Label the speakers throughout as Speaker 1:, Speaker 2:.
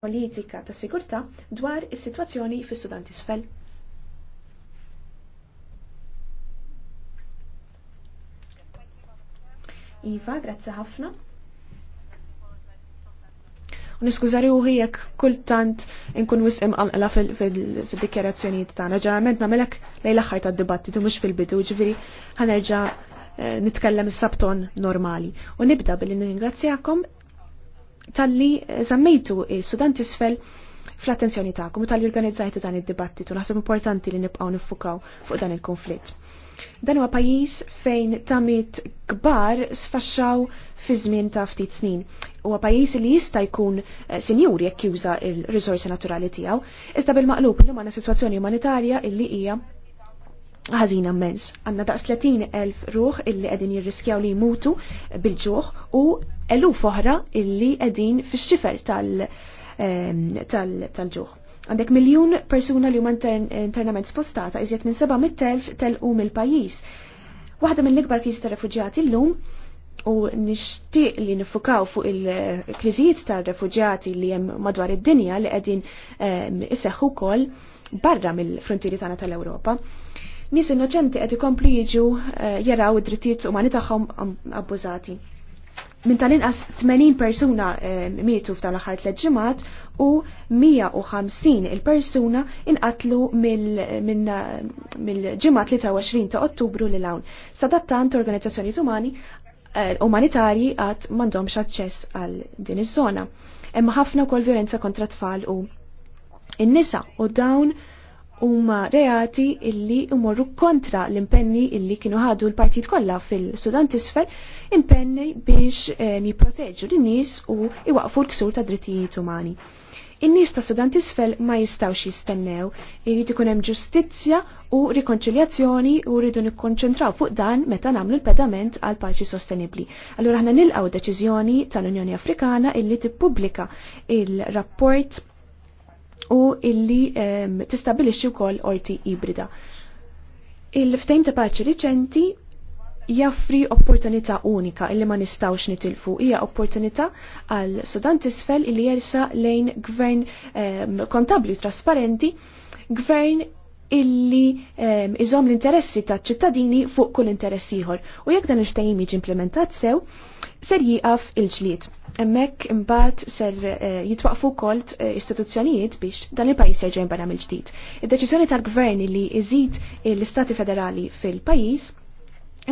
Speaker 1: politika ta' sigurta dwar is-sitwazzjoni fis sudan tisfel. Iva, grazzi ħafna. Niskużari u hijek kultant inkun wisqim għalqla fil-dikjerazzjonijiet tagħna. Ġeneralment nagħmelek lejla ħajt għad-dibattitu mhux fil-bidu, ġviri ħanerġa' eh, nitkellem is-sabton normali. U nibda billi ningrazzjakom tal-li zammejtu il-Sudan tisfel fl-attenzjoni ta'kom u tal-li organizzajtu dan il-dibattitu. Naħseb importanti li nibqaw nifukaw fuq dan il-konflitt. Dan huwa pajjiż fejn tamit kbar sfaxxaw fi żmien ta' ftit snin. Huwa pajjiż li jista' jkun eh, sinjur jekk juża il-riżorsi naturali tiegħu, iżda bil-maqlub illum għandna sitwazzjoni umanitarja illi hija ħażin ammens. Għandna daqs 30,000 ruħ illi qegħdin jirriskjaw li jmutu bil-ġuħ u eluf oħra illi qegħdin fix-xifer ehm, tal-ġuħ. Għandek miljun persuna li huma internament spostata iżjed minn 700,000 telqu mill-pajjiż. Waħda mill-ikbar kriżi ta' refuġjati llum u nixtieq li nifukaw fuq il-kriżijiet tar-refuġjati li hemm madwar id-dinja li qegħdin ehm, iseħħu wkoll barra mill-frontieri tagħna tal-Ewropa. Nies innoċenti qed ikomplu jiġu eh, jaraw id-drittijiet umani tagħhom abbużati. Min tal-inqas 80 persuna eh, mietu f'dan l-aħħar tliet ġimgħat u 150 il-persuna inqatlu mill ġimat 23 ta' Ottubru lil hawn. Sadattant organizzazzjonijiet umani eh, umanitarji għad mandom aċċess għal din iż-żona. Imma ħafna wkoll violenza kontra tfal u in-nisa u dawn huma reati illi imorru kontra l-impenni illi kienu ħadu l-partit kollha fil-Sudan tisfel impenni biex eh, jipproteġu eh, l-nies u iwaqfu l-ksur ta' drittijiet umani. In-nies ta' Sudan tisfel ma jistawx jistennew, irid ikun hemm ġustizzja u rikonċiljazzjoni u rridu nikkonċentraw fuq dan meta nagħmlu l-pedament għal paċi sostenibbli. Allura aħna nilqgħu deċiżjoni tal-Unjoni Afrikana illi tippubblika il-rapport u illi um, tistabilixxi wkoll orti ibrida. Il-ftejm ta' paċi riċenti jaffri opportunità unika illi ma nistawx nitilfu. Hija opportunità għal Sudan tisfel illi jersa lejn gvern um, kontabli u trasparenti, gvern illi um, iżom l-interessi ta' ċittadini fuq kull interess ieħor. U jekk dan il-ftehim jiġi implementat sew, ser jieqaf il-ġlied. Emmek imbat ser eh, jitwaqfu kolt eh, istituzzjonijiet biex dan il-pajis jerġa' jinbena mill-ġdid. Id-deċiżjoni tal-gvern li jizid l-istati federali fil-pajis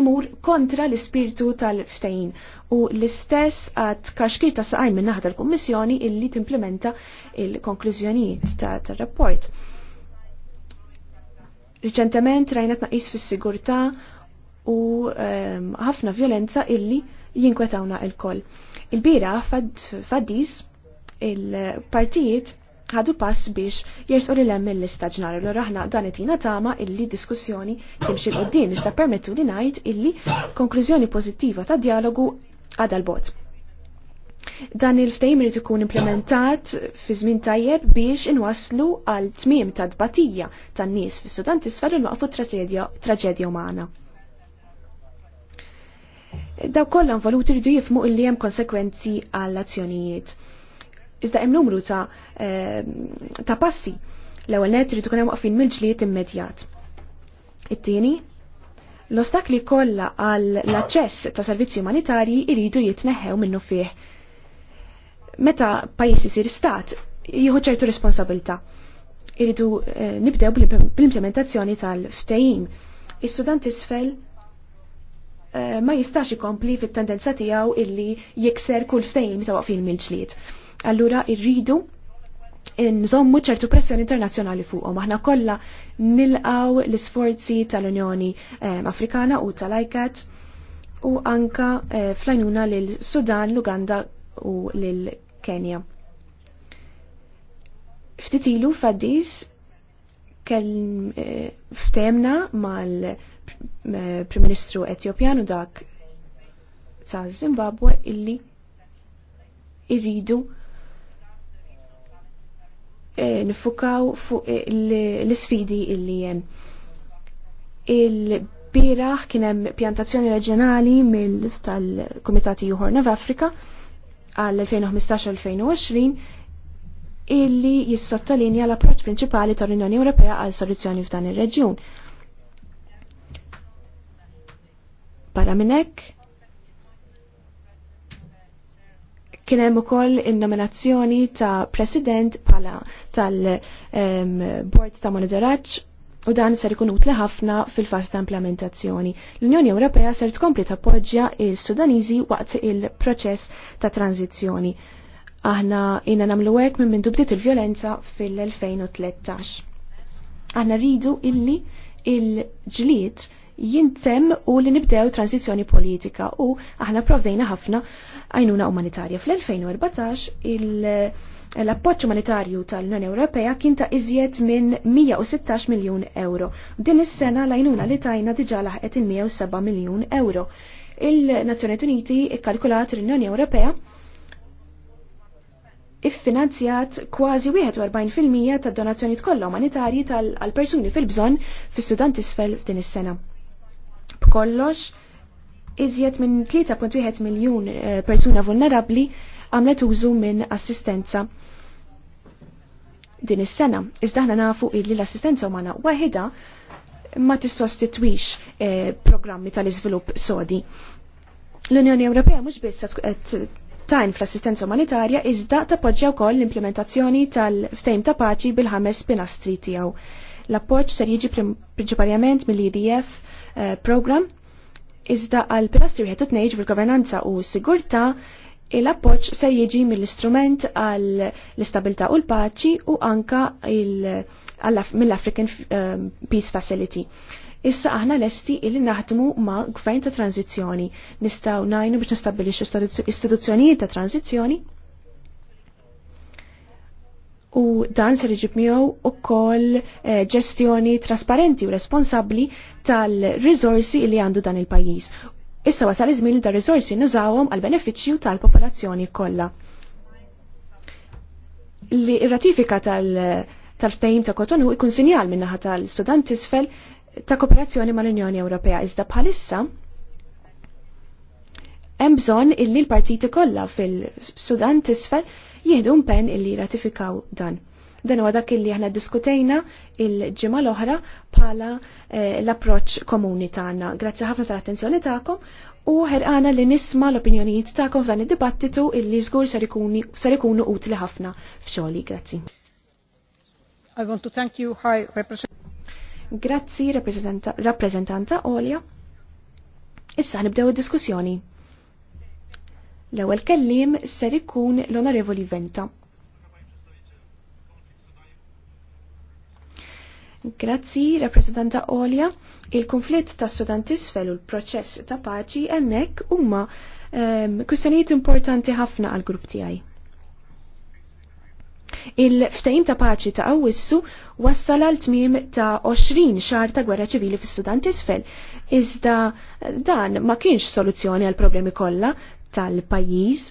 Speaker 1: imur kontra l-ispirtu tal-ftajin u l-istess għat kaxkir ta' saqajn minnaħa tal-Kommissjoni illi timplementa il-konklużjonijiet tal-rapport. Riċentement rajnat naqis fis-sigurtà u ehm, ħafna violenza illi jinkwetawna il-koll. Il-bira faddis il-partijiet ħadu pass biex jersu li lemm il-lista ġnari l aħna dan it tama illi diskussjoni timxi l-qoddim biex permettu li najt illi konklużjoni pozittiva ta' dialogu għadal bot. Dan il-ftejm irid ikun implementat fi żmien tajjeb biex inwaslu għal tmiem ta' dbatija tan-nies fis-Sudan tisfel il-maqfu traġedja umana. Daw kollha valuti rridu jifmu illi hemm konsekwenzi għall azzjonijiet. Iżda hemm numru ta' ehm, ta' passi. L-ewwel net irid ikun hemm waqfin mill immedjat. It-tieni, l-ostakli kollha għall aċċess ta' servizzi umanitarji iridu jitneħħew minnu fih. Meta pajjiż isir stat, jieħu ċertu responsabilta. Iridu eh, nibdew bl-implementazzjoni tal-ftehim. Is-Sudan tisfel Eh, ma jistax ikompli fit-tendenza tiegħu illi jikser kull ftehim ta' waqfin mill-ġlied. Allura irridu nżommu ċertu pressjoni internazzjonali fuqhom. Aħna kollha nilqaw l-isforzi tal-Unjoni eh, Afrikana u tal-ICAT u anka eh, flajnuna lil sudan l-Uganda u lil Kenja. Ftitilu faddis kell ftemna mal prim Ministru Etjopjan dak ta' Zimbabwe illi irridu eh, nifukaw fuq eh, l-sfidi illi jen. Il-biraħ kienem pjantazzjoni reġjonali mill tal-Komitati Nav Afrika għal-2015-2020 illi jissottolinja l-approċ prinċipali tal-Unjoni Ewropea għal soluzzjoni f'dan ir-reġjun. Barra minnek, kien hemm ukoll il nominazzjoni ta' President pala tal-Bord ta' monitoraċ u dan ser ikun utli ħafna fil-fas ta' implementazzjoni. L-Unjoni Ewropea ser tkompli tappoġġja il-Sudaniżi waqt il-proċess ta' tranzizjoni. Aħna jina namlu hekk minn minn dubdiet il-vjolenza fil-2013. Aħna rridu illi il-ġlied jintem u li nibdew tranzizjoni politika u aħna provdejna ħafna għajnuna umanitarja. Fl-2014 l-appoċ umanitarju tal-Unjoni Ewropea kien ta' iżjed minn 116 miljun euro. Din is-sena l-għajnuna li tajna diġa laħqet il-107 miljun euro. Il-Nazzjoniet Uniti ikkalkulat l-Unjoni Ewropea iffinanzjat kważi 41% tad-donazzjonijiet kollha umanitarji tal-persuni fil-bżonn fis-Sudan t'isfel f'din is-sena b'kollox iżjed minn 3.1 miljun eh, persuna vulnerabli għamlet użu minn assistenza din is-sena. Iżda aħna nafu illi l-assistenza umana waħida ma tissostitwix eh, programmi tal-iżvilupp sodi. L-Unjoni Ewropea mhux biss tajn fl-assistenza umanitarja iżda tappoġġja wkoll l-implementazzjoni tal-ftejm ta' paċi bil-ħames pilastri tiegħu L-appoġġ ser jiġi prinċipalment mill-IDF eh, program iżda għal pilastri wieħed u fil-governanza u sigurtà l-appoġġ ser jiġi mill-istrument għal l-istabilità u l-paċi u anka mill-African eh, Peace Facility. Issa aħna lesti illi naħdmu ma' gvern ta' tranzizjoni. Nistaw najnu biex nistabilix istituzzjonijiet ta' tranzizjoni u dan ser iġib miegħu ukoll eh, ġestjoni trasparenti u responsabbli tal-riżorsi li għandu dan il-pajjiż. Issa wasal iż-żmien li dar riżorsi nużawhom għal benefiċċju tal-popolazzjoni kollha. Li ratifika tal-ftehim ta' Kotonu ikun sinjal min-naħa tal-Sudan tisfel ta' kooperazzjoni mal-Unjoni Ewropea iżda bħalissa hemm bżonn illi l-partiti kollha fil-Sudan tisfel jihdu mpen illi ratifikaw dan. Dan huwa dak illi aħna diskutejna il-ġimgħa l-oħra bħala eh, l-approċċ komuni tagħna. Grazzi ħafna tal-attenzjoni tagħkom u ħerqana li nisma' l-opinjonijiet tagħkom f'dan id-dibattitu illi żgur ser ikunu utli ħafna f'xogħli. Grazzi. I want to thank you, High Representative. Grazzi, rappresentanta Olja. Issa nibdew id-diskussjoni. L-ewwel kellim ser ikun l-Onorevoli Venta. Grazzi, rappresentanta Olja. Il-konflitt ta' Sudan tisfel u l-proċess ta' paċi hemmhekk huma ehm, kwistjonijiet importanti ħafna għal grupp tiegħi. Il-ftajim ta' paċi ta' Awissu wassal għal tmiem ta' 20 xar ta' gwerra ċivili fis-Sudan tisfel. Iżda dan ma kienx soluzzjoni għal problemi kollha, tal-pajjiż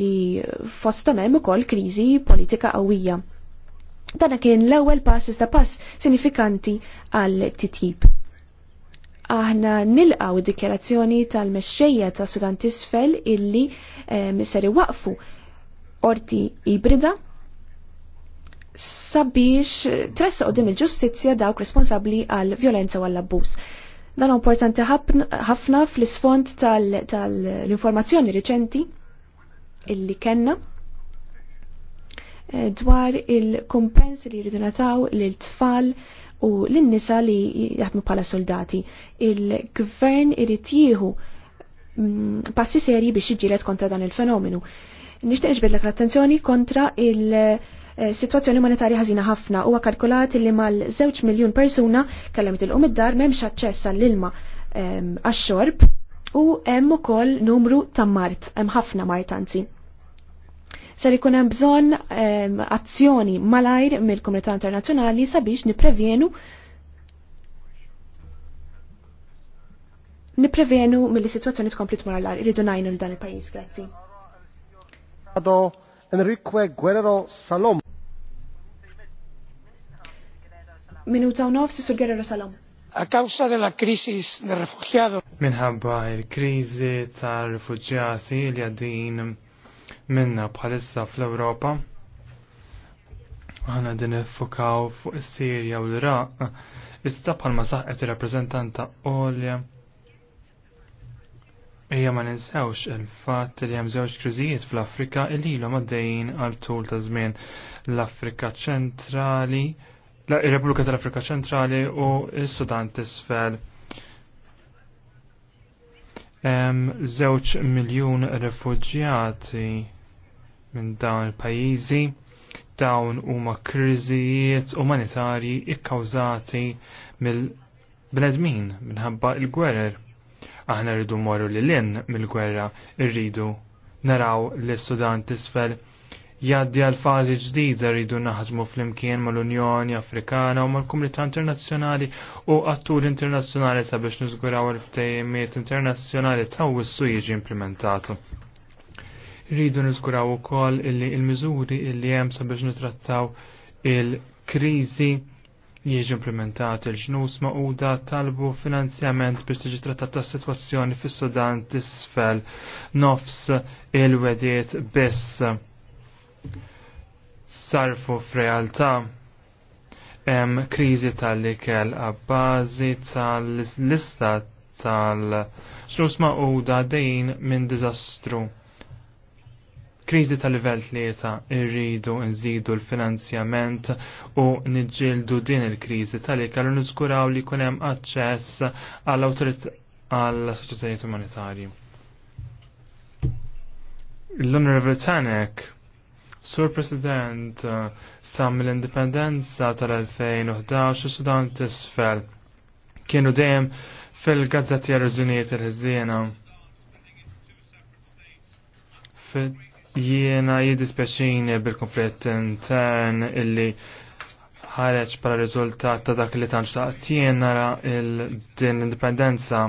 Speaker 1: li fosta hemm ukoll kriżi politika qawwija. Dana kien l-ewwel pass iżda pass sinifikanti għal titjib. Aħna nilqaw dikjerazzjoni tal-mexxejja ta' Sudan t'isfel illi eh, misseri waqfu orti ibrida sabiex tressa qudiem il-ġustizzja dawk responsabbli għal violenza u għall abbuż Dan importanti ħafna fl-isfond tal-informazzjoni riċenti illi kenna eh, dwar il-kumpens li jridu nataw lil tfal u lin-nisa li jaħdmu bħala soldati. Il-gvern irid jieħu mm, passi serji biex jiġilet kontra dan il-fenomenu. Nixtieq ġbidlek l-attenzjoni kontra il- Eh, situazzjoni monetarja ħażina ħafna huwa kalkulat li mal-żewġ miljun persuna kellhom tilqum id-dar m'hemmx aċċess għall-ilma ehm, għax-xorb u hemm ukoll numru ta' mart, hemm ħafna mart anzi. Ser ikun hemm bżonn ehm, azzjoni malajr mill-Komunità Internazzjonali sabiex niprevjenu niprevjenu mill-situazzjoni tkompli tmorlar irridu najnu l-dan il-pajjiż, grazzi.
Speaker 2: Enrique Guerrero Salom.
Speaker 1: Minuta u nofsi sur Guerrero Salom.
Speaker 3: A causa della crisi del refugiato. Minħabba il-krizi tal rifugjati li għaddin minna bħalissa fl-Europa. Għana din il-fukaw fuq is-Sirja u l-Iraq. Iżda bħalma saħqet il-rappreżentanta Olja Ejja ma ninsewx il-fatt li hemm żewġ kriżijiet fl-Afrika il ilhom għaddejjin għal tul ta' żmien l-Afrika Ċentrali, l-Repubblika tal-Afrika Ċentrali u s-Sudan t'isfel. Hemm żewġ miljun refuġjati minn dawn il-pajjiżi dawn huma kriżijiet umanitarji ikkawżati mill-bnedmin minħabba il-gwerer Aħna rridu morru li l-in mill-gwerra, rridu naraw li sudan tisfel jaddi għal fażi ġdida rridu naħdmu fl-imkien mal-Unjoni Afrikana u mal-Komunità Internazzjonali u għattur internazzjonali sabiex niżguraw il-ftejmiet internazzjonali wissu jiġi implementatu. Rridu niżguraw ukoll koll il-miżuri li hemm sabiex nitrattaw il-kriżi jiġi implementati l-ġnus maquda talbu finanzjament biex tiġi trattat ta' situazzjoni fis sudan tisfel nofs il-wediet biss sarfu f'realtà hemm kriżi tal-ikel għabbażi tal-lista tal-ġnus maquda dejn minn diżastru kriżi tal livell tlieta irridu nżidu l-finanzjament u niġġieldu din il-kriżi tal-ik għallu niżguraw li jkun hemm aċċess għall għall soċjetajiet umanitarji. l honorable Tanek, Sur President, sam l-indipendenza tal-2011 Sudan tisfel kienu dejjem fil-gazzetti għarġunijiet il ħizzina Fit Jiena jiddispjaċini bil-konflitt intern illi ħareġ pala riżultat ta' dak li tantx taqtien nara il-din l-indipendenza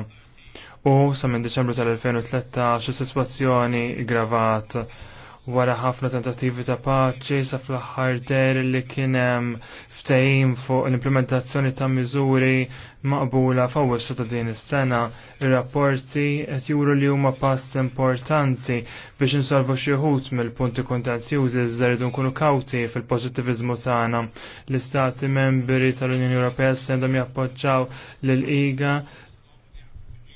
Speaker 3: u sa minn Deċembru tal-2013 is-sitwazzjoni gravat wara ħafna tentattivi ta' paċi sa fl ħar der li kien hemm ftehim fuq l-implementazzjoni ta' miżuri maqbula f'awwissu ta' din is-sena. Ir-rapporti qed juru li huma pass importanti biex insolvu xi wħud mill-punti kuntazzjużi iżda rridu nkunu kawti fil-pożittiviżmu tagħna. L-istati membri tal-Unjoni Ewropea sendhom jappoġġaw lil iga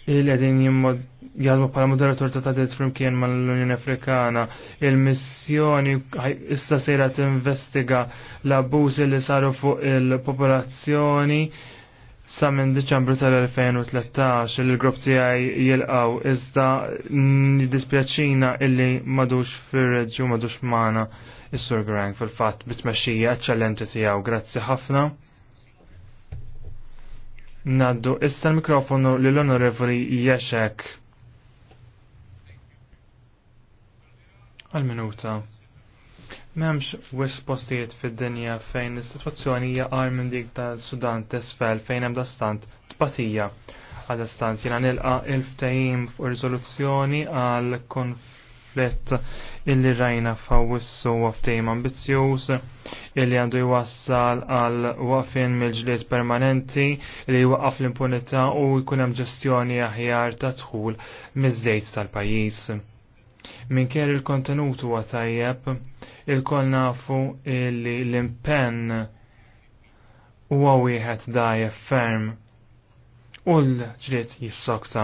Speaker 3: li qegħdin jimmod jadmu pala moderator ta' tadet flimkien ma' l-Unjoni Afrikana. Il-missjoni issa sejra tinvestiga l-abbużi li saru fuq il-popolazzjoni sa' minn Diċembru tal-2013 il-grupp tiegħi jilqaw iżda dispjaċina illi madux fir u madux mana is-Sur Grang fil-fatt bitmexxija eċċellenti tiegħu. Grazzi ħafna. Naddu issa l-mikrofonu lill-Onorevoli Jexek. għal-minuta. Memx wis postijiet fid-dinja fejn l-istituzzjoni hija qar minn dik ta' Sudan t'isfel fejn hemm dastant tpatija. Għadastant jiena nilqa il-ftajim fuq riżoluzzjoni għal konflitt illi rajna fawissu għaftejm ambizzjuż illi għandu jwassal għal wafin mill-ġliet permanenti li jwaqaf l-impunità u jkun hemm ġestjoni aħjar ta' dħul miż-żejt tal-pajjiż Min kjer il-kontenut huwa tajjeb, il koll nafu li l-impenn huwa wieħed dajjeb ferm u l-ġriet jissokta.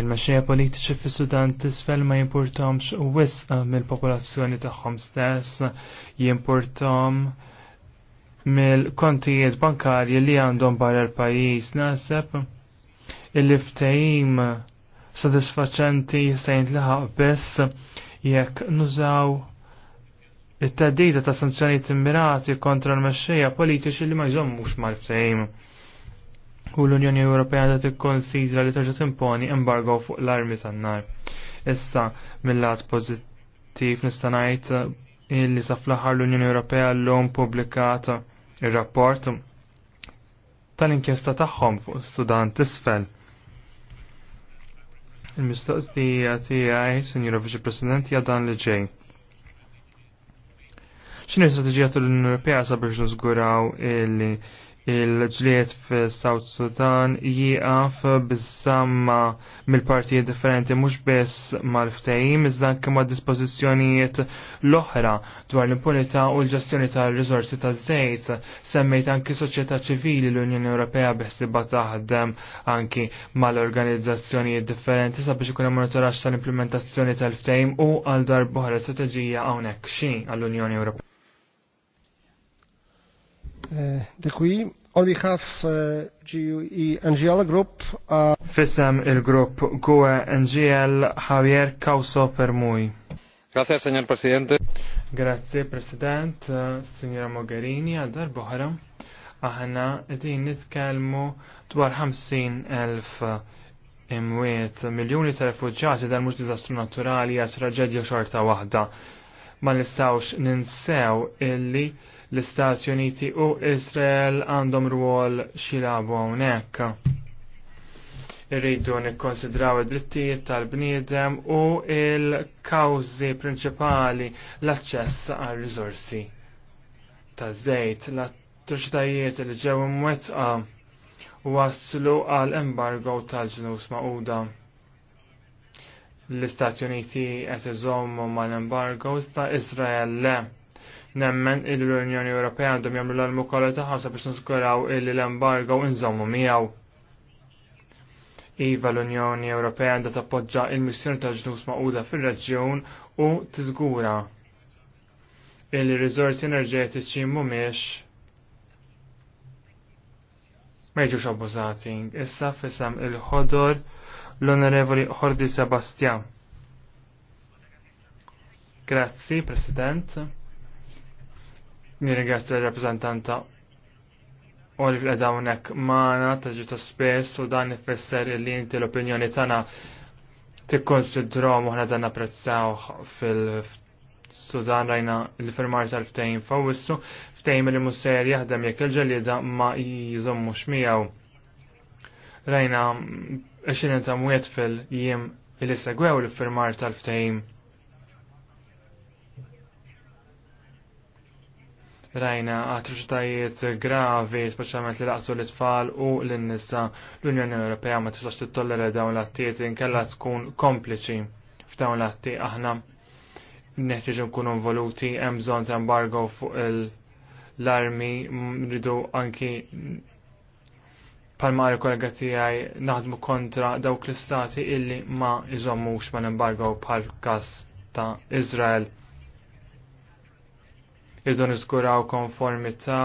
Speaker 3: Il-mexxejja politiċi fis-Sudan tisfel ma jimpurtomx wisq mill-popolazzjoni tagħhom stess, jimpurtom mill-kontijiet bankarji li għandhom barra l-pajjiż naħseb il-ftehim sodisfaċenti jistajn liħa biss jekk nużaw it-teddida ta' sanzjonijiet immirati kontra l-mexxejja politiċi li ma jżommux mal-ftehim. U l-Unjoni Ewropea da tikkonsidra li terġa' timponi embargo fuq l-armi tan-nar. Issa mill-lat pożittiv nista' ngħid li sa fl-aħħar l-Unjoni Ewropea l-lum publikat ir-rapport tal-inkjesta tagħhom fuq Sudan t'isfel. Il-mistoqsija tiegħi, Sinjura Viċi President, hija dan li ġej. X'inhi strateġija tal-Unjoni Ewropea sabiex niżguraw illi il-ġliet f-South Sudan jieqaf bizzamma mill-partijiet differenti mhux biss mal-ftehim iżda anke ma' dispożizzjonijiet l-oħra dwar l-impunità u l-ġestjoni tal risorsi taż-żejt semmejt anki soċjetà ċivili l-Unjoni Ewropea biħsiba taħdem anki mal-organizzazzjonijiet differenti sabiex ikun hemm monitoraġġ tal-implementazzjoni tal-ftehim u għal darb oħra strategija hawnhekk xi għall-Unjoni Ewropea.
Speaker 2: Eh, Dekwi, on behalf eh,
Speaker 3: GUE NGL Group. Eh, Fissem il-grupp GUE NGL Javier Causo Permuj. Grazie, signor Presidente. Grazie, President, signora Mogherini, għal darbohra. Aħna din nitkellmu dwar 50.000 imwiet, miljoni ta' rifugġati dan mhux diżastru naturali għal traġedja xorta waħda. Ma nistawx ninsew illi l-Istati Uniti u Israel għandhom rwol xilabu hawnhekk. Irridu nikkonsidraw id-drittijiet tal-bniedem u il-kawżi prinċipali l-aċċess għal rizorsi taż-żejt l-attriċitajiet li ġew imwettqa waslu għal embargo tal-ġnus maquda l-Istati Uniti qed iżommu mal-embargo ta' Iżrael le. Nemmen il unjoni Ewropea għandhom jagħmlu l-almu kollha tagħha sabiex niżguraw l-embargo inżommu miegħu. Iva l-Unjoni Ewropea għandha tappoġġa il-missjoni ta' ġnus maquda fir-reġjun u tiżgura il-riżorsi enerġetiċi mhumiex ma jiġux abbużati. Issa fisam il-ħodor l-Onorevoli Hordi Sebastian. Grazzi, President. Nirringrazzja l u li fil-qeda hawnhekk magħna ta' ġita spess u dan ifisser li inti l-opinjoni tagħna tikkonsidrom aħna dan napprezzaw fil-Sudan rajna l-firmar tal-ftejn fawissu ftejn li musser jahdem jekk il-ġelida ma jizommu miegħu. Rajna 20 ta' mwiet fil-jiem il-segwew l-firmar tal-ftejn Rajna atroċitajiet gravi, speċjalment li laqtu l itfall u l-nisa l-Unjoni Ewropea ma tistax tittollera dawn l-attijiet inkella tkun kompliċi f'dawn l-atti aħna neħtieġu nkunu involuti hemm bżonn embargo fuq l-armi rridu anki palma kollega tiegħi naħdmu kontra dawk l-istati illi ma iżommux mal-embargo bħal kas ta' Izrael irridu niżguraw konformità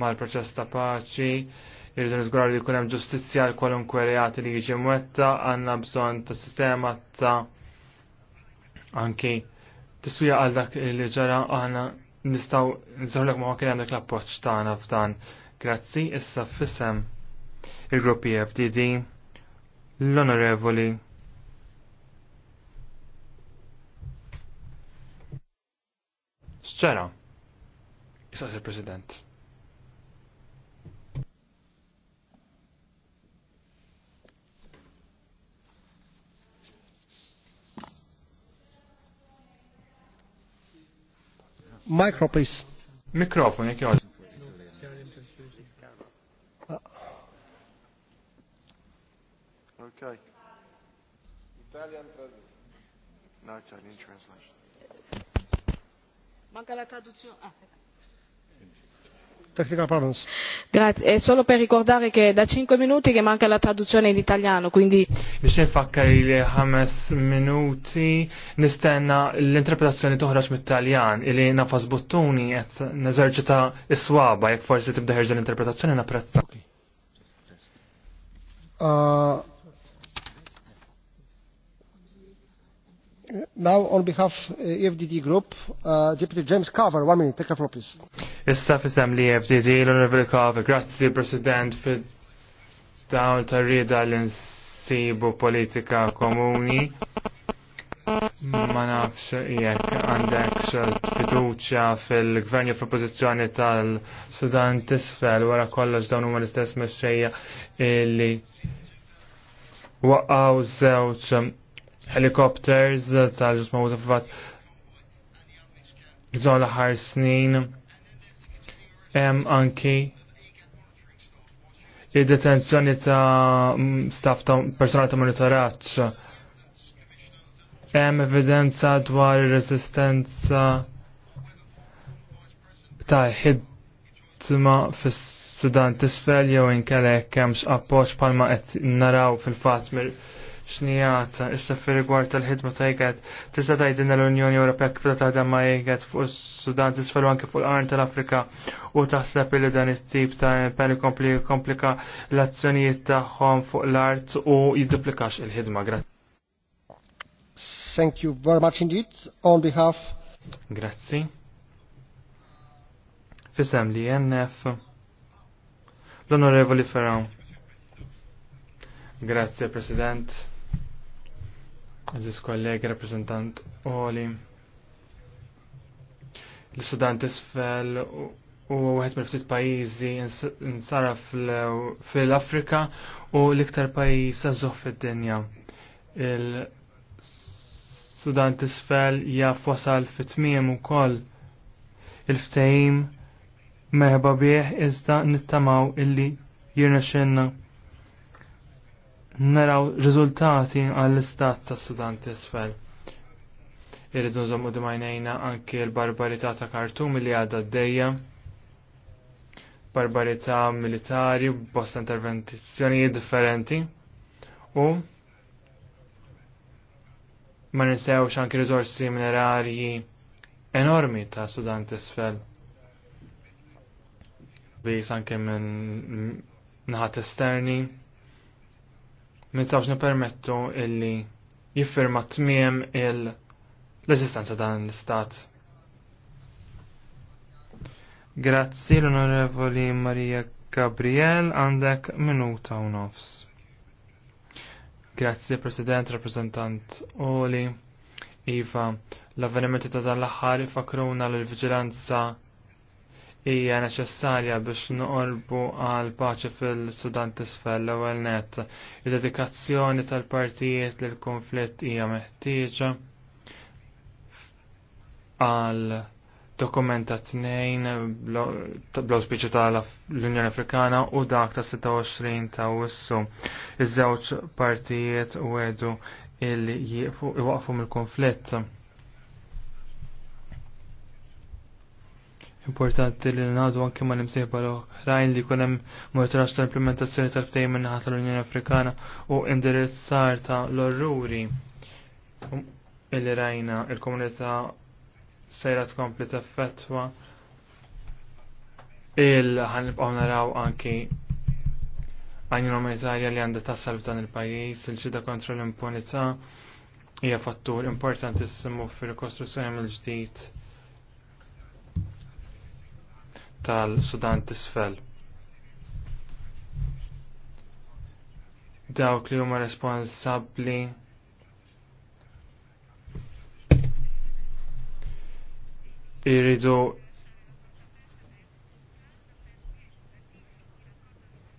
Speaker 3: mal-proċess ta' paċi, irridu niżguraw li jkun hemm ġustizzja għal kwalunkwe reat li jiġi mwetta, għandna bżonn ta' sistema ta' anki tiswija għal dak li ġara aħna nistgħu nżawlek ma' kien għandek l-appoġġ tagħna f'dan. Grazzi, issa fissem il-gruppi FDD l-onorevoli Xċera. Issa se President. Micro, please. Mikrofon, jek jgħod.
Speaker 1: Okay. Italian translation. No, it's an in translation. Manca la traduzione. Ah,
Speaker 3: Technical problems.
Speaker 1: Grazie, è e solo per ricordare che da 5 minuti che manca la traduzione in italiano, quindi...
Speaker 3: Biex nifakkar li 5 minuti nistenna l-interpretazzjoni toħraġ mit-Taljan, li nafas buttuni qed neżerċita iswaba jekk forsi tibda ħerġa l-interpretazzjoni napprezza.
Speaker 2: Uh, Now, on behalf uh, eh, EFDD Group, uh, Deputy James Carver, one minute, take
Speaker 3: a floor, please. Issa staff assembly, EFDD, l Carver, grazie, President, for down to rida l-insibu politika Ma nafx jekk għandek fiduċja fil gvernju jew fil-pożizzjoni tal-Sudan tisfel wara kollox dawn huma l-istess mexxejja illi waqgħu żewġ helikopters eh, tal-ġusma u t-fat l-ħar snin hemm anki id-detenzjoni ta' staff ta' personal ta' monitorat, hemm evidenza dwar resistenza ta' ħidma fis-Sudan tisfel jew inkella jekk hemmx appoġġ bħalma qed naraw fil-fatt xnijat, issa fi rigward tal-ħidma ta' jgħed, tista' tgħidilna l-Unjoni Ewropea kif tagħdem ma jgħed fuq sudan tisfel anke fuq l-qarn tal-Afrika u taħseb li dan it-tip ta' impenn komplika l-azzjonijiet tagħhom fuq l-art u jidduplikax il-ħidma.
Speaker 2: Thank you very much indeed on behalf
Speaker 3: Grazzi. Fisem li NF l-Onorevoli Ferran. Grazie President. Aziz kollegi, rappresentant Oli. L-Sudan tisfel u għed mill-ftit pajizi nsara fil-Afrika u l-iktar pajiz sażof fid-dinja. Il-Sudan tisfel jaff wasal fit-tmiem u koll il ftajim meħba bieħ iżda nittamaw illi jirna xenna naraw riżultati għall-istat tas Sudan tisfel. Irridu nżommu d-majnejna anki l-barbarità ta' Kartum li għadda d-dejja, barbarità militari, bosta intervenzjonijiet differenti, u ma ninsewx xanki riżorsi minerarji enormi ta' Sudan tisfel. Bi anke minn naħat esterni, Mistawx nipermettu illi jiffirma tmiem il- l-esistenza dan l-istat. Grazzi l-Onorevoli Maria Gabriel għandek minuta u nofs. Grazzi President, Rappresentant Oli, Iva, l-avvenimenti ta' dan l-ħar fakruna l-vigilanza hija neċessarja biex noqolbu għal paċi fil-Sudan tisfel l-ewwel net. Id-dedikazzjoni tal-partijiet lil konflitt hija meħtieġa għal dokumenta tnejn bl-auspiċi tal-Unjoni Afrikana u dak ta' 26 ta' wissu. Iż-żewġ partijiet wedu il iwaqfu mill-konflitt. Importanti li nħadu anke ma nimsieħba l-oħrajn li kunem monitoraġġ tal-implementazzjoni tal-ftehim minn naħa tal-Unjoni Afrikana u indirizzar ta' l-orruri illi rajna il-komunità sejra tkompli fetwa il-ħan nibqaw naraw anki għajn umanitarja li għandha tassal f'dan il-pajis, il-ġida kontra l-impunità hija fattur importantissimu fil-kostruzzjoni mill-ġdid tal-Sudan tisfel. Dawk li huma responsabbli iridu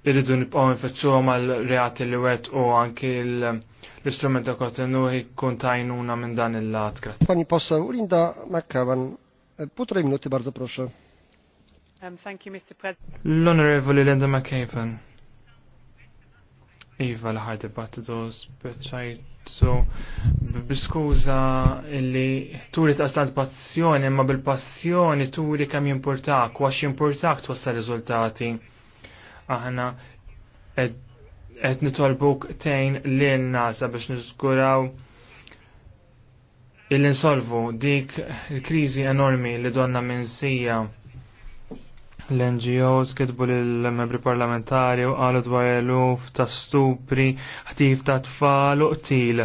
Speaker 3: irridu nibqgħu nfittxu mal-reati li wet u anki l-istrument ta' kottenu jkun tajnuna minn dan il-lat.
Speaker 2: Pani poseł Linda McCavan, eh, półtorej minuty bardzo proszę. Um, thank you, Mr. President.
Speaker 3: L-Onorevoli Linda McCaven. Iva l-ħar dibattitu b biskuza li turi taqstant passjoni imma bil-passjoni turi kam jimportak u għax jimportak twassal riżultati. Aħna qed nitolbuk tejn lil nasa biex niżguraw il-insolvu dik il-kriżi enormi li donna minn sija L-NGOs kitbu l-membri parlamentari u għalu dwar eluf ta' stupri, ħtif ta' tfal u qtil.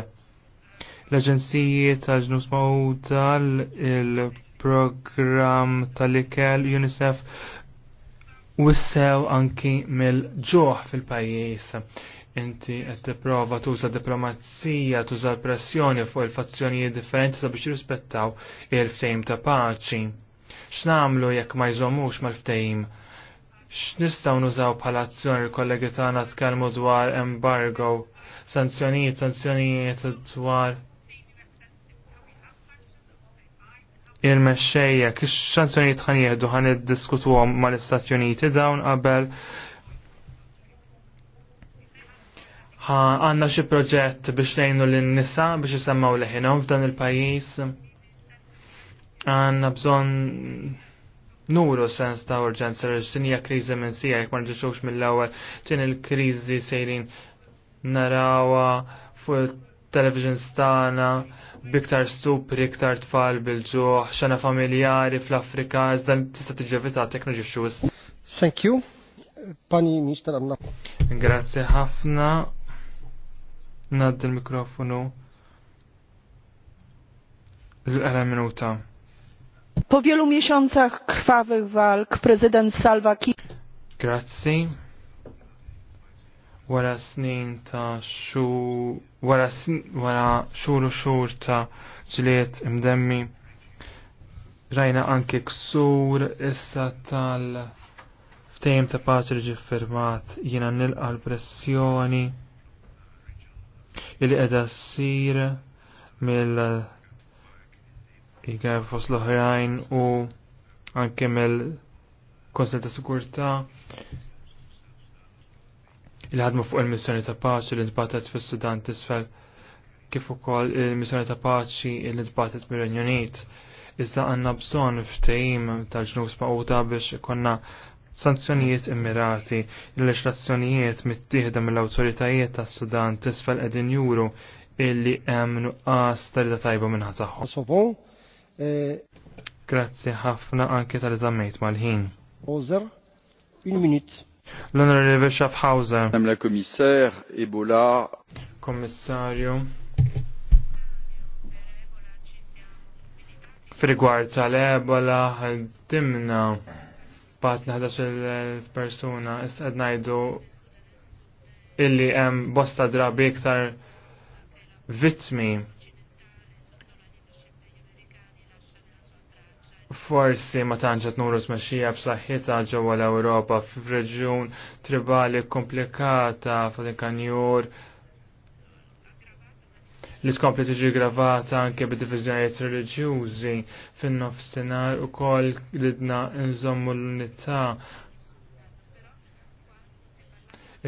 Speaker 3: L-Aġenziji ta' ġnus mawta l-program tal-ikel UNICEF wissew anki mill-ġuħ fil-pajis. Inti qed tipprova tuża diplomazija, tuża pressjoni fuq il-fazzjonijiet differenti sabiex jirrispettaw il-ftejm ta' paċi x'namlu jekk ma jżommux mal-ftehim. X'nistgħu nużaw bħala azzjoni l-kollegi tagħna tkellmu dwar embargo, sanzjonijiet, sanzjonijiet dwar il-mexxejja kif x'sanzjonijiet ħan jieħdu ħan iddiskutuhom mal-Istati Uniti dawn qabel għanna xi proġett biex lejnu lin-nisa biex isemmaw leħinhom f'dan il-pajjiż. Għanna bżon nuru sens ta' urġenza li x'inija kriżi minn sija jekk ma nġixux mill-ewwel ċin il-kriżi sejrin narawa fuq television stana biktar stupri, iktar tfal bil-ġuħ, xana familjari fl-Afrika, iżda tista' t-ġevita jekk nġixux. Thank you. Pani Minister Anna. Grazie ħafna. Nad il-mikrofonu. L-għala minuta.
Speaker 1: Po wielu miesiącach krwawych walk prezydent Salva Kiir.
Speaker 3: Grazzi. Wara snin ta' xu wara snin. wara xuru xur ta' ġliet imdemmi. Rajna anke ksur issa tal ftejm ta' paċi li firmat jiena nilqa l-pressjoni li qiegħda ssir mill il fos fost l-oħrajn u anke mill konsil ta' sigurta il-ħadmu fuq il-missjoni ta' paċi li nbatet fis sudan tisfel kif ukoll il-missjoni ta' paċi li nbatet mir-Renju Unit. Iżda għandna bżonn ftehim tal-ġnus maqquda biex ikonna sanzjonijiet immirati, il-leġlazzjonijiet mittieħda mill-awtoritajiet tas sudan tisfel qegħdin juru illi hemm nuqqas tarida tajba minnha tagħhom. Eh, Grazzi ħafna anke tal-eżammejt mal-ħin.
Speaker 2: Ozer, il minut.
Speaker 3: L-Onorevole Schaffhauser. Madame la Commissaire, Ebola. Kommissarju. Fir-rigward tal-Ebola, dimna bat batna 11 persuna, istqed ngħidu illi hemm bosta drabi iktar vitmi. forsi ma tanġet nuru tmexxija saxħita ġewwa l-Ewropa f'reġjun tribali komplikata f-dekanjur li tkompli tiġi gravata anke b'diviżjonijiet reliġjużi fin-nofsinhar ukoll ridna nżommu l-unità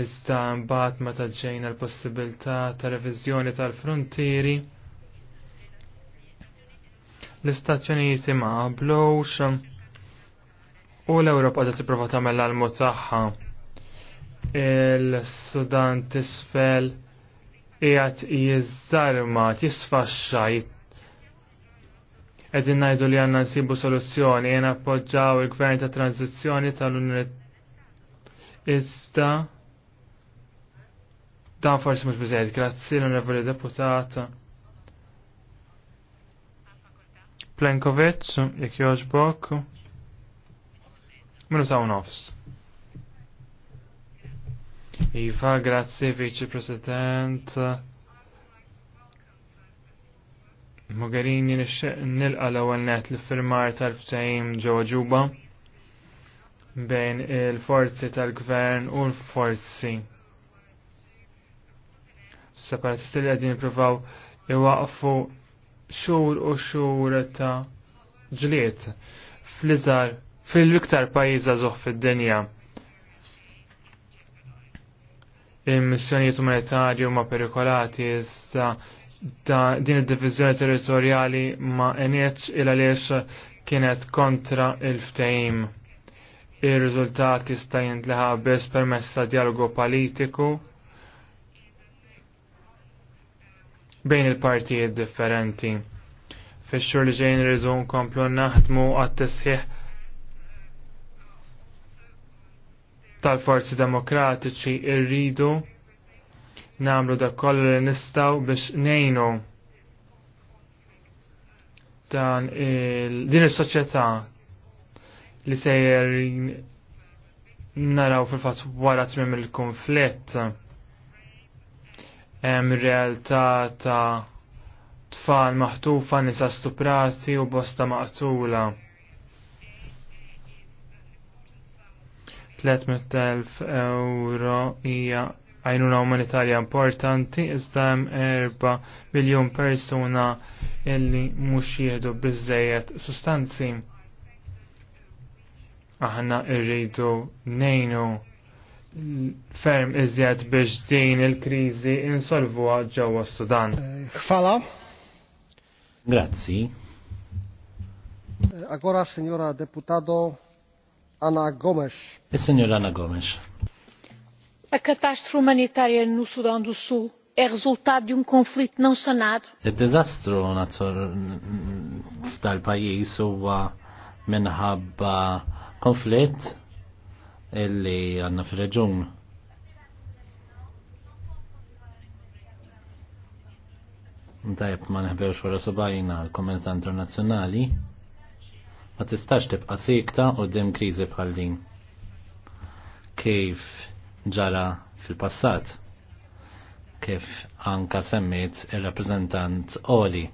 Speaker 3: Iżda mbagħad meta ġejna l-possibilità ta' reviżjoni tal-frontieri l istazzjoni ma blowx u l-Ewropa ta' tipprova tagħmel l-almu tagħha. Il-Sudan tisfel qiegħed jiżarma, jisfaxxa, jgħedin najdu li għanna nsibu soluzzjoni, jgħan appoġġaw il-gvern ta' tranzizjoni tal-Unjoni Iżda dan forsi mhux biżejjed. grazzi l-onorevoli deputata. Plenkovic, jek joġbok. Minu ta' nofs. Iva, grazzi, Vice President. Mogherini nilqa l-ewwel net li firmar tal-ftajim ġewwa Ġuba bejn il-forzi tal-gvern u l-forzi separatisti li għadin provaw iwaqfu xhur u xhur ta' ġlied fl-iżar fil-iktar pajiza zoħ fid-dinja. Il-missjonijiet umanitarji huma perikolati issa din id divizjoni territorjali ma' enieċ il għaliex kienet kontra il-ftehim. ir rizultati sta' jintlaħa biss permezz ta' dialogu politiku bejn il-partijiet differenti. Fix-xhur li ġejn irridu nkomplu naħdmu għat-tisħiħ tal-forzi demokratiċi irridu namlu da kollu li nistaw biex nejnu dan il, din is-soċjetà li sejjer naraw fil-fatt wara tmiem il-konflitt hemm realtà ta' tfal maħtufa nisa stuprati u bosta maqtula. 300.000 euro hija għajnuna umanitarja importanti iżda hemm erba' miljun persuna illi mhux jieħdu biżejjed sustanzi. Aħna rridu nejnu ferm iżjed biex din il krizi insolvu ġewwa Sudan. Ħfala. Grazzi.
Speaker 2: Agora signora deputato Ana Gomes.
Speaker 4: Is-signora e Ana Gomes.
Speaker 1: A catastrofe humanitária no Sudão do Sul é risultato di un um conflitto non sanato.
Speaker 4: Il-dizastru e tal paese huwa minħabba konflitt illi għanna fil-reġun. Tajb, ma neħbewx wara sabajna l-komunità internazzjonali, ma tistax tibqa sikta u dim krizi bħal din. Kif ġara fil-passat, kif anka semmit il-rappresentant Oli.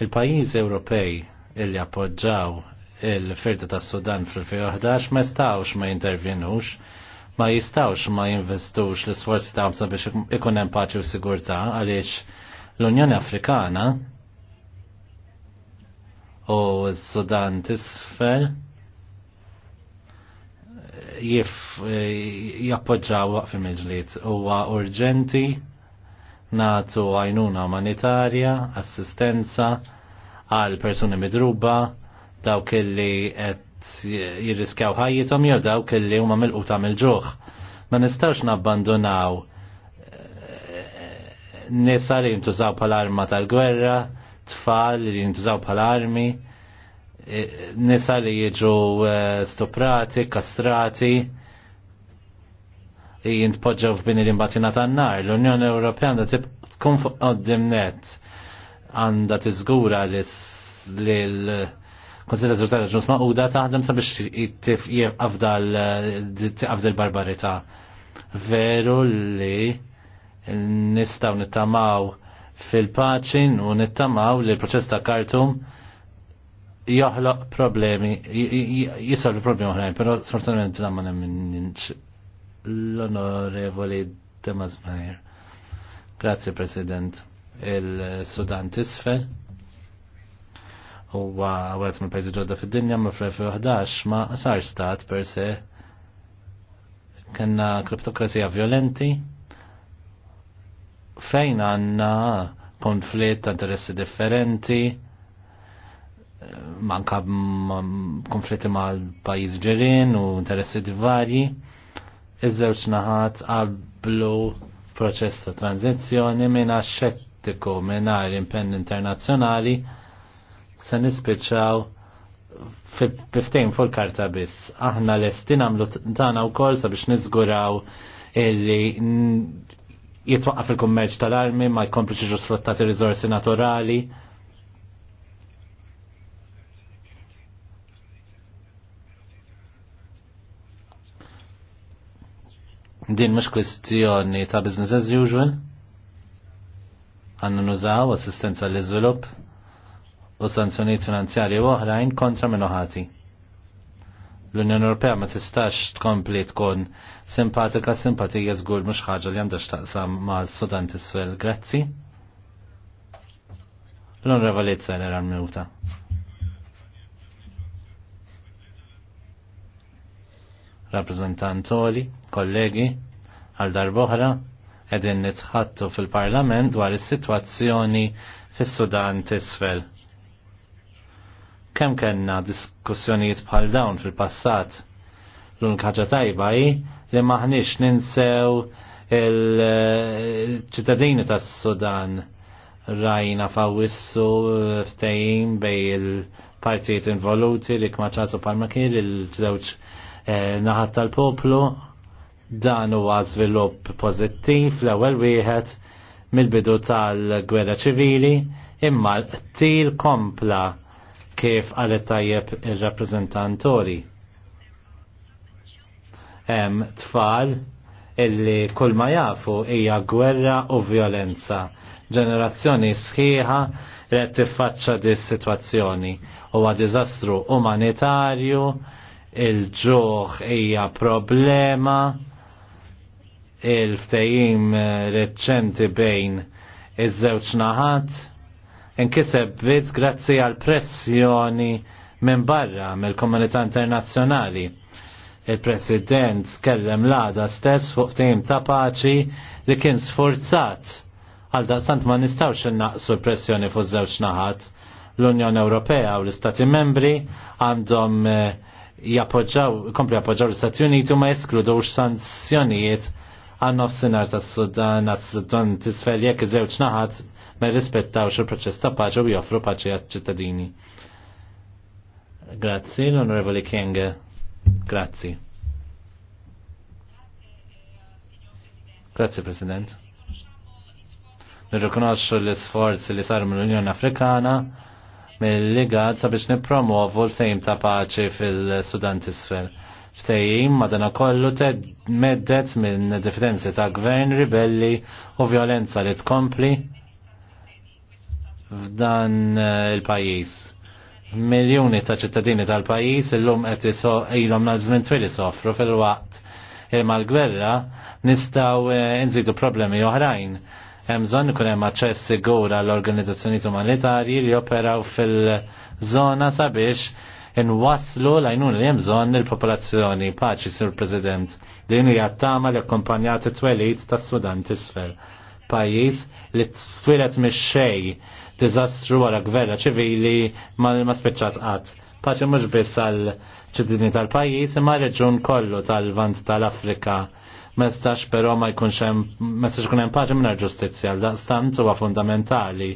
Speaker 4: il pajjiż Ewropej illi appoġġaw il-firda tas Sudan fil-2011 ma jistawx ma jintervjenux, ma jistawx ma jinvestux l-sforzi ta' biex ikun hemm paċi u sigurtà għaliex l-Unjoni Afrikana u s-Sudan tisfel jif jappoġġaw waqfim il-ġlied huwa urġenti natu għajnuna umanitarja, assistenza għal persuni midruba, dawk illi qed jirriskjaw ħajjithom jew dawk illi huma milquta mill-ġuħ. Ma nistax nabbandunaw eh, nisa li jintużaw bħala arma tal-gwerra, tfal li jintużaw bħala armi, eh, nisa li jiġu eh, stuprati, kastrati, jintpoġġaw f'bini li mbatina tan-nar. L-Unjoni Ewropea għandha tkun fuq qoddim net għandha tiżgura li l Konsidra Zurtar ġus maquda taħdem sabiex jittifqaf dal-barbarita. Veru li nistaw nittamaw fil-paċin u nittamaw li l-proċess ta' kartum joħloq problemi, jisolvi problemi oħrajn, pero sfortunatament damma minn l-onorevoli Demas Mayer. Grazie, President. Il-Sudan tisfel huwa għawet minn pajzi ġodda fid-dinja ma fl-2011 ma sar stat per se kena kriptokrasija violenti fejn għanna konflitt ta' interessi differenti manka konflitti ma' pajjiż ġerin u interessi divarji, iż-żewġ naħat qablu proċess ta' tranzizzjoni minna xettiku minn impenn internazzjonali se nispiċċaw biftejn fuq karta biss. Aħna l-estin għamlu tana u kol sabiex nizguraw illi jitwaqqaf il-kummerċ tal-armi ma jkompliċi ġu sfruttati rizorsi naturali. Din mux kwestjoni ta' business as usual. Għannu nużaw assistenza l-iżvilupp u sanzjonijiet finanzjarji oħrajn kontra minoħati. L-Unjoni Ewropea ma tistax tkompli tkun simpatika simpatija żgur mhux ħaġa li għandha x'taqsam mal-Sudan tisfel. Grazzi. L-Onorevoli Zeller għal-minuta. rappresentantoli, kollegi, għal darboħra, edin nitħattu fil-parlament dwar is-sitwazzjoni fis-Sudan tisfel. Kemm kellna diskussjonijiet bħal dawn fil-passat. l unik ħaġa tajba hi li maħniex ninsew il-ċittadini tas-Sudan rajna fawissu ftejim bej il-partijiet involuti li kmaċasu parmakir il-żewġ eh, naħat tal-poplu dan huwa żvilupp pożittiv l-ewwel wieħed mill-bidu tal-gwerra ċivili imma t-til kompla kif għalet tajjeb il-rappresentantori. Hemm tfal illi kull ma jafu hija gwerra u violenza. Ġenerazzjoni sħiħa li qed tiffaċċa dis sitwazzjoni huwa diżastru umanitarju, il-ġuħ hija problema, il-ftejim reċenti bejn iż-żewġ naħat inkiseb biz grazzi għal pressjoni minn barra mill-komunità internazzjonali. Il-President kellem l-għada stess fuq tim ta' paċi li kien sforzat għal sant ma nistawx innaqsu l-pressjoni fuq żewġ naħat. L-Unjoni Ewropea u l-Istati Membri għandhom eh, jappoġġaw, kompli jappoġġaw l-Istati Uniti u ma jeskludux sanzjonijiet għan nofsinar tas sudan għas-Sudan tisfel jek żewġ naħat ma jirrispettawx il-proċess ta' paċi u joffru paċi għat-ċittadini. Grazzi, l-Onorevoli Kenge. Grazzi. Grazzi, President. Nirrikonoxxu l-isforzi li saru mill-Unjoni Afrikana mill-ligat sabiex nipromovu l-fejm ta' paċi fil-Sudan Isfel. Ftejim madana kollu meddet minn diffidenzi ta' gvern, ribelli u violenza li tkompli f'dan eh, il-pajis. Miljoni ta' ċittadini tal-pajis illum qed ilhom nhar żmien twil isofru fil-waqt imma l-gwerra nistgħu eh, nżidu problemi oħrajn. Hemm bżonn ikun hemm aċċess sigur għall organizzazzjonijiet umanitarji li operaw fil-żona sabiex inwaslu lajnun li jemżon il-popolazzjoni paċi sur president din hija tama li akkompanjat it-twelit tas Sudan tisfel pajjiż li t-twilet mix-xej dizastru wara gverra ċivili ma speċċat qatt. Paċi mhux biss għal ċittadini tal-pajjiż imma reġun kollu tal-vant tal-Afrika Mestax però ma jkunx hemm mestax jistax ikun hemm paċi mingħajr ġustizzja għal daqstant huwa fundamentali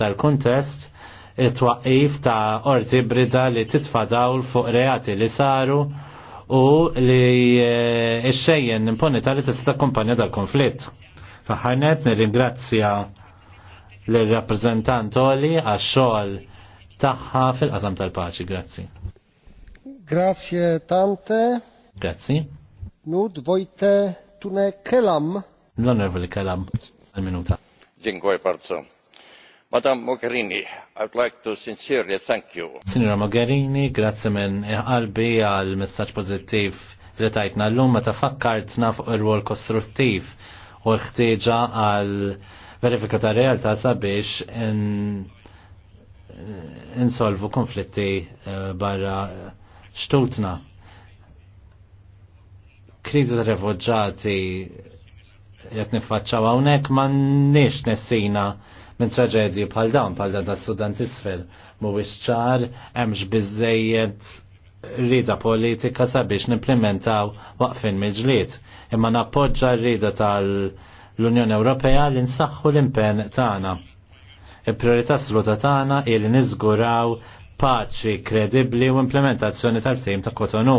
Speaker 4: tal-kuntest it-twaqif ta' orti brida li titfadaw fuq reati li saru u li eh, xejjen imponita li tista' kumpanja dal-konflitt. Faħarnet nirringrazzja l-rappresentant Oli għax-xogħol tagħha fil-qasam tal-paċi. Grazzi.
Speaker 2: Grazie tante. Grazzi. Nud vojte tune kelam.
Speaker 4: L-onorevoli kelam għal-minuta.
Speaker 2: Dziękuję parzo. Madam Mogherini, I'd like to sincerely thank you.
Speaker 4: Signora Mogherini, grazie minn qalbi għal messaġġ pożittiv li tajtna l-lum meta fakkartna fuq ir-rwol kostruttiv u l-ħtieġa għal verifika ta' realtà sabiex insolvu konflitti eh, barra xtutna. Kriżi ta' refugġati jett nifacċaw għawnek ma nix nessina minn traġedji bħal dawn bħal dawn ta' sudan tisfel mhuwiex ċar hemmx biżejjed rida politika sabiex nimplementaw waqfin mill-ġlied imma nappoġġa r-rida tal- l-Unjoni Ewropea li nsaħħu l-impenn tagħna. Il-priorità sluta tagħna hi li niżguraw paċi kredibbli u implementazzjoni tal-tim ta' Kotonu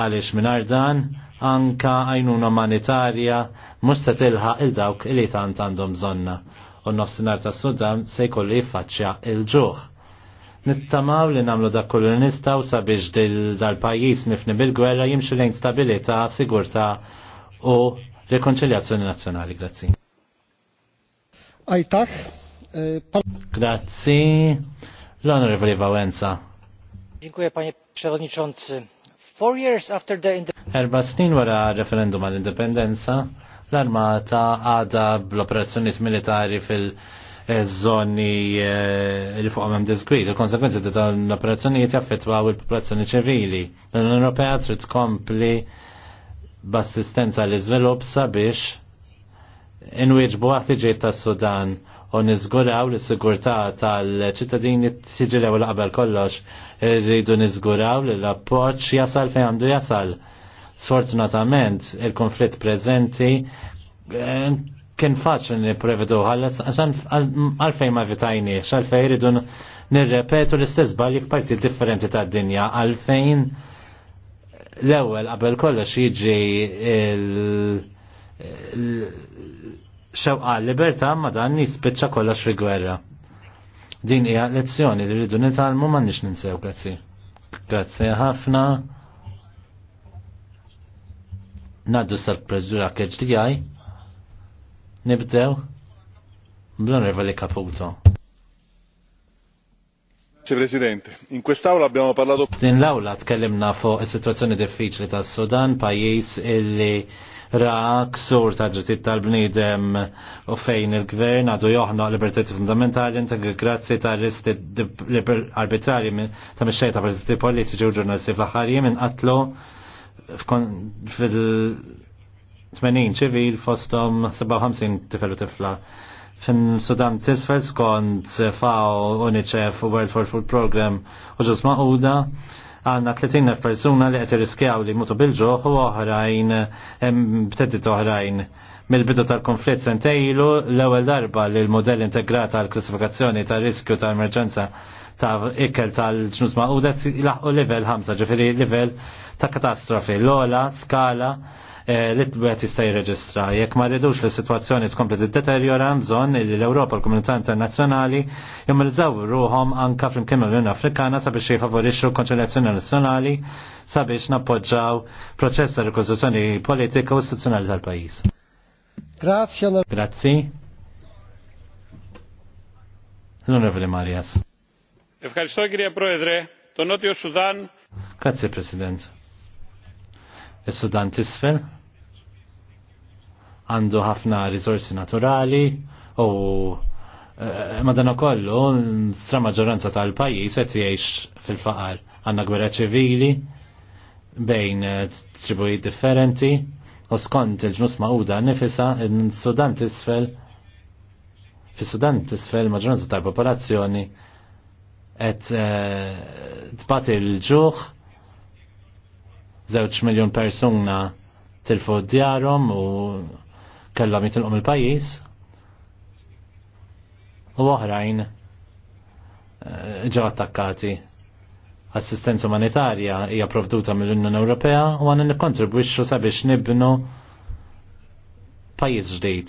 Speaker 4: għaliex mingħajr dan anka għajnuna umanitarja mhux se tilħaq il-dawk li tant għandhom bżonna u nofsinhar tas Sudan se jkollu jiffaċċja il-ġuħ. Nittamaw li namlu da kolonista u sabiex dal-pajis mifni bil-gwerra jimxu lejn stabilita, sigurta u rekonċiljazzjoni nazzjonali. Grazzi.
Speaker 2: Ajtak. E,
Speaker 4: grazzi. L-Onorevoli Valenza.
Speaker 2: Dziękuję panie przewodniczący.
Speaker 4: Four years after the Erba snin wara referendum għal indipendenza, l-armata għada bl-operazzjoniet militari fil- zoni e, li fuq għamem disgrit. Il-konsekwenzi ta' l l-operazzjonijiet għu l popolazzjoni ċivili. L-Unjoni Ewropea trid tkompli b'assistenza l iżvilupp sabiex inwieġbu għattiġiet tas sudan u niżguraw l sigurtà tal-ċittadini tiġi l qabel kollox rridu niżguraw l appoċ jasal fejn għandu jasal. Sfortunatament il-konflitt preżenti eh, kien faċli niprevedu ħallas għalfejn ma vitajni, xalfej rridu nirrepetu l-istess balji f'parti differenti tad-dinja għalfejn l-ewwel qabel kollox jiġi l-xewqa libertà ma dan jispiċċa kollox fi gwerra. Din hija lezzjoni li rridu nitalmu m'għandniex ninsew grazzi. Grazzi ħafna. Naddu sal-preġura keġ li Nibdew. Bl-onorevoli kaputo. Presidente, in quest'Aula abbiamo parlato... Din l awla tkellimna fuq is-sitwazzjoni diffiċli tas-Sudan, pajjiż illi ra ksur ta' drittijiet tal-bniedem u fejn il-gvern għadu joħnoq libertajiet fundamentali inta grazzi ta' risti arbitrarji ta' mixxej ta' partiti politiċi u ġurnalisti fl-aħħar jiem inqatlu fil-80 ċivil fostom 57 tifel u tifla fin-Sudan tisfel skont FAO, UNICEF u World Food Program u ġus maħuda għanna 30.000 persuna li għet riskjaw li mutu bil-ġoħ u oħrajn, b'teddit oħrajn Mill-bidu tal-konflitt sentejlu l-ewwel darba li l-modell integrat tal klassifikazzjoni ta' riskju ta' emerġenza ta' ikkel tal-ġnus ma' udet laħqu level 5, ġifiri level ta' katastrofi. L-ola, skala, eh, li t jista' jirreġistra. Jekk ma rridux li situazzjoni tkompli deteriora bżonn li l-Ewropa l komunità internazzjonali jomilżaw ruhom anka flimkien l-Unjoni Afrikana sabiex jifavorixxu konċiljazzjoni nazzjonali sabiex nappoġġaw proċess ta' rikostruzzjoni politika u istituzzjonali tal-pajjiż.
Speaker 2: Grazie.
Speaker 4: Grazie. L'onorevole Marias.
Speaker 3: Ευχαριστώ κύριε Πρόεδρε. Το Νότιο Σουδάν...
Speaker 4: Grazie Presidente. Il-Sudan tisfel għandu ħafna risorsi naturali u eh, madana kollu stra maġġoranza tal-pajjiż qed jgħix fil-faqar. Għandna gwerra ċivili bejn eh, tribujiet differenti u skont il-ġnus ma'uda nifisa in-Sudan tisfel fis sudan tisfel maġranza tal-popolazzjoni qed eh, tbati l-ġuħ żewġ miljun persuna tilfu djarhom u kellhom jitilqhom il-pajjiż u oħrajn eh, ġew attakkati assistenza umanitarja hija provduta mill-Unjoni Ewropea u għandna nikkontribwixxu sabiex nibnu pajjiż ġdid.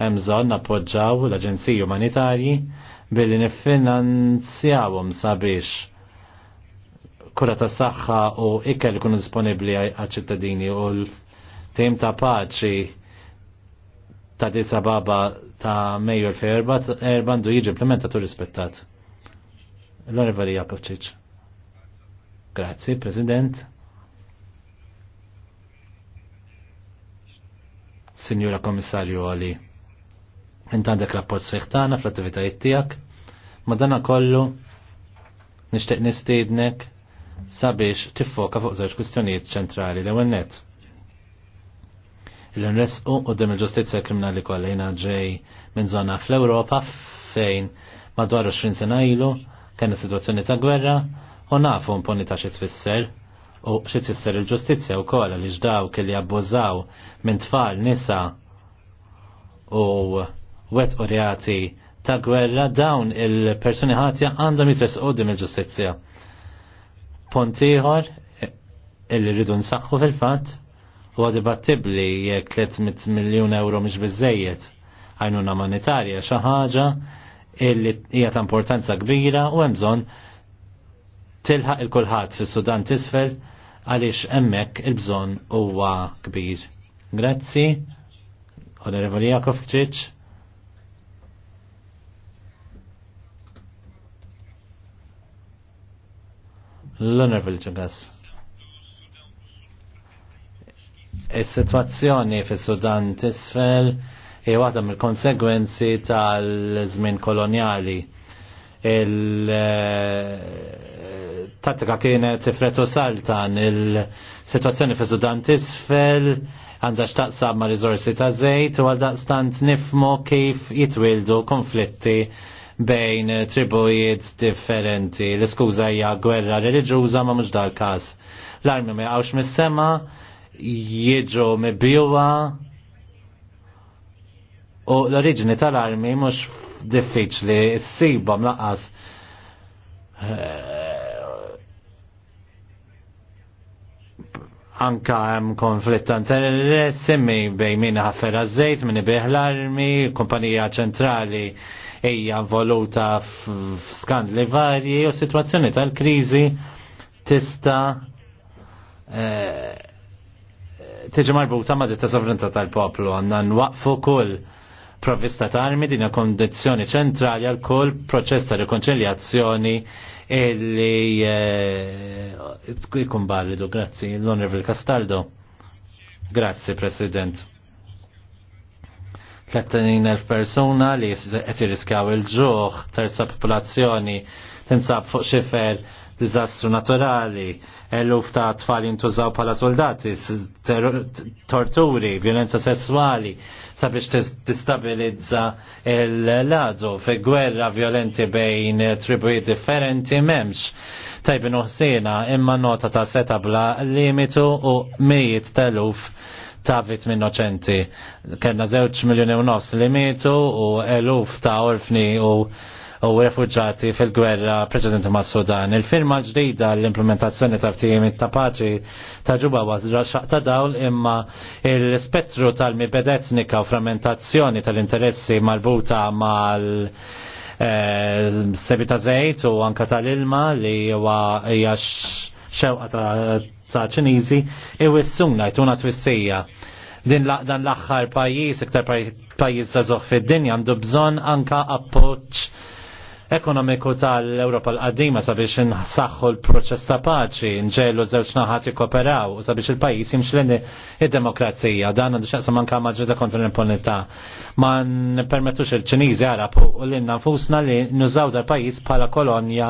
Speaker 4: Hemm bżonn nappoġġaw l-Aġenziji Umanitarji billi niffinanzjawhom sabiex kura tas saħħa u ikel ikunu disponibbli għaċ-ċittadini u l-tim ta' paċi ta' disa baba ta' Mejju 2004 għandu jiġi implementat u rispettat. L-onorevoli Jakovčić. Grazzi, President. Signora Komissarju għali, intandek rapport seħtana fl-attivitajiet tijak, ma dana kollu nishtiq nistednek sabiex tiffoka fuq żewġ kwistjonijiet ċentrali l għennet. Il-nresqu u dem il-ġustizja kriminali kollha jina ġej minn zona fl-Ewropa fejn madwar 20 sena ilu kena situazzjoni ta' gwerra u nafu mponi ta' xi tfisser u xi tfisser il-ġustizzja wkoll li ġdaw kelli abbużaw minn tfal nisa u wet reati ta' gwerra dawn il-persuni ħatja għandhom jitres dim il-ġustizzja. Pontiħor illi rridu nsaxħu fil-fatt u għadibattibli jekk 300 miljon euro mhux bizzejiet għajnuna monetarja xi ħaġa illi hija ta' importanza kbira u hemm bżonn tilħaq il-kulħadd fis-Sudan tisfel għaliex hemmhekk il-bżonn huwa kbir. Grazzi, Onorevoli Jakov Kċiċ. L-Onorevoli Ġugas. Is-sitwazzjoni fis-Sudan tisfel i waħda mill-konsegwenzi tal-żmien koloniali il tattika kienet fretu saltan il-situazzjoni fi Sudan tisfel għandha xtaqsab ma' rizorsi ta' żejt u għal stant nifmu kif jitwildu konflitti bejn tribujiet differenti. L-iskuża hija gwerra reliġjuża ma mhux dal-każ. L-armi ma jaqgħux mis-sema, jiġu mibjuwa u l-oriġini tal-armi mhux diffiċli ssibhom laqas eh, anka hemm konflitt ta' interessi immi bejn min ħaffer żejt min ibih l-armi, kumpanija ċentrali hija voluta f'skandli varji u situazzjoni tal-kriżi tista' eh, tiġi marbuta ma' ta' sovranità tal-poplu għandna nwaqfu kull provvista ta' armi din kondizjoni ċentrali għal kull proċess ta' rikonċiljazzjoni li jkun eh, Ballidu, grazzi, l-Onorevoli Castaldo. Grazzi, President. 30.000 persuna li qed jirriskjaw il-ġuħ, terza popolazzjoni tinsab fuq xifer dizastru naturali, eluf ta' tfal jintużaw pala soldati, torturi, violenza sessuali, sabiex tistabilizza il-ladu fe gwerra violenti bejn tribuji differenti memx. Tajbin uħsina imma nota ta' seta bla limitu u mijiet teluf ta' vit minnoċenti. Kenna zewċ miljoni u nofs limitu u eluf ta' orfni u u refugġati fil-gwerra preċedenti ma' Sudan. Il-firma ġdida l-implementazzjoni ta' ftijim ta' paċi ta' ġuba xaq xaqta dawl imma il-spettru tal-mibed etnika u frammentazzjoni tal-interessi marbuta mal eh, sebi ta' zejt u anka tal-ilma li huwa hija xewqa ta' ċiniżi iwissuna jtuna twissija. Din dan l-aħħar pajjiż iktar pajjiż żagħżugħ fid-dinja għandu bżonn anka appoġġ ekonomiku tal-Europa l-qaddima sabiex nsaħħu l-proċess ta' paċi, nġelu żewġ naħat jikoperaw u sabiex il-pajjiż jimxleni id-demokrazija. Dan għandu xaqsa manka maġġida kontra l-impunità. Ma npermettux il-Ċiniżi għarab u l-inna fusna li nużaw dal-pajjiż bħala kolonja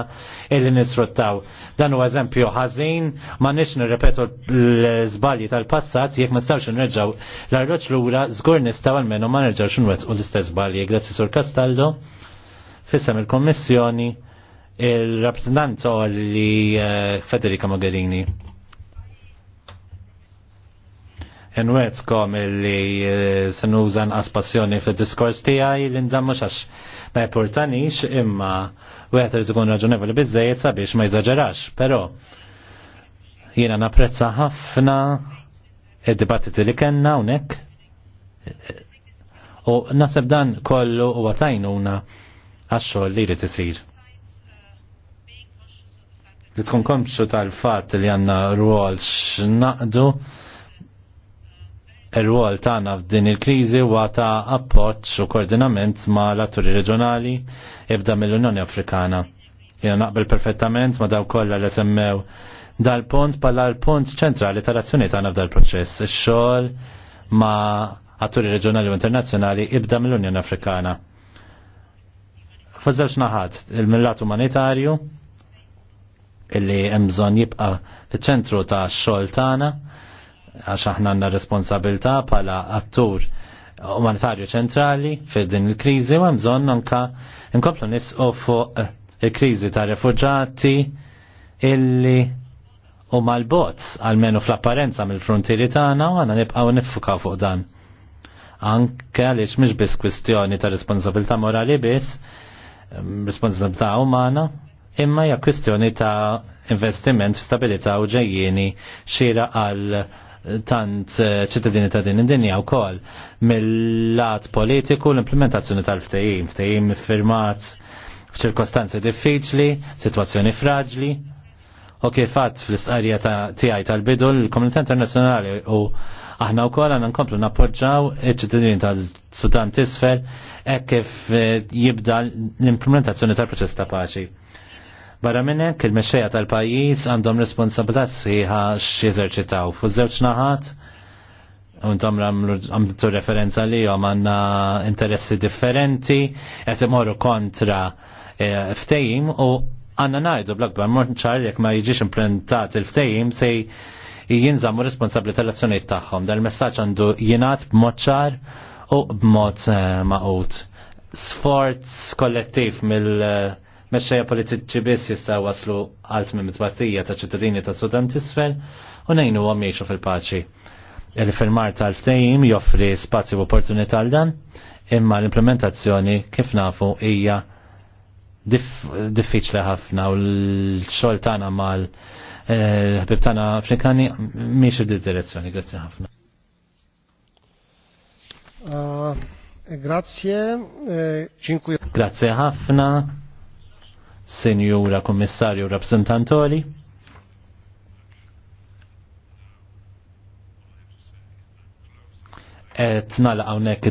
Speaker 4: illi nisfruttaw. Dan u eżempju ħażin ma nix nirrepetu l-żbalji tal-passat jekk ma nistgħux nirġaw l-arroġ lura żgur għal menu ma nerġgħux nwettqu l-istess żbalji. Grazzi Sur Castaldo fissem il-Kommissjoni il-rappresentant li eh, Federica Mogherini. Enwetkom li eh, senuża nqas passjoni fil-diskors tiegħi li ndammu xax ma jportanix imma wieħed irid ikun raġunevoli biżejjed sabiex ma jizagġerax, però jiena naprezza ħafna id-dibattiti li kellna hawnhekk u naseb dan kollu huwa tajnuna għax-xogħol li jrid isir. Li tkun komxu tal-fatt li għandna rwol x'naqdu ir-rwol tagħna f'din il-kriżi huwa ta' appoġġ u koordinament ma' l-atturi reġjonali ibda mill-Unjoni Afrikana. Jena naqbel perfettament ma' daw kollha li semmew dal-pont pala l-pont ċentrali tal-azzjoni tagħna f'dal proċess. Ix-xogħol ma' atturi reġjonali u internazzjonali ibda mill-Unjoni Afrikana. Fazzawx naħat il-millat umanitarju illi jemżon jibqa fiċ-ċentru ta' xogħol tagħna għax aħna għandna responsabilità bħala attur umanitarju ċentrali fid din il-kriżi u hemm bżonn anke nkomplu nisqu fuq il-kriżi ta' refugġati illi u mal-bot, għalmenu fl-apparenza mill-frontieri tagħna u għana nibqgħu nifuka fuq dan. Anke għaliex mhix biss kwistjoni ta' responsabilità morali biss, responsabilità umana imma hija kwistjoni ta' investiment f'stabilità u ġejjieni xira għal tant eh, ċittadini ta' din id-dinja u mill-lat politiku l-implementazzjoni tal-ftejim, ftejim firmat f'ċirkostanzi diffiċli, situazzjoni fraġli, u kifat fl ta' tiegħi tal-bidu l-komunità internazzjonali u Aħna wkoll għandna nkomplu nappoġġaw iċ-ċittadini tal-Sudan t'isfel hekk kif e, jibda l-implementazzjoni tal-proċess ta' paċi. Barra minnek il-mexxejja tal-pajjiż għandhom responsabilità sħiħa jeżerċitaw fuż żewġ naħat untom għamtu referenza li għom għanna interessi differenti, għet imorru kontra e, ftejim u għanna najdu blakbar morċar jek ma jġiġ implementat il-ftejim sej jinżammu responsabli tal-azzjoniet tagħhom. Dan il-messaġġ għandu jingħad b'mod ċar u b'mod eh, maqut. Sforz kollettiv mill- meċċeja politiċi biss jistgħu waslu għalt minn mitpartija ta' ċittadini ta' Sudan tisfel u nejnu għom jgħixu fil-paċi. Il-firmar tal-ftejim joffri spazju u opportunità għal dan, imma l-implementazzjoni kif nafu hija diffiċli ħafna u l-xogħol tagħna mal- ħbib tana Afrikani miex id direzzjoni grazzi ħafna.
Speaker 2: Eh, grazie, ċinkuj. Eh,
Speaker 4: grazie ħafna, Senjura Kommissarju Rappresentantoli. Et nalaqaw nek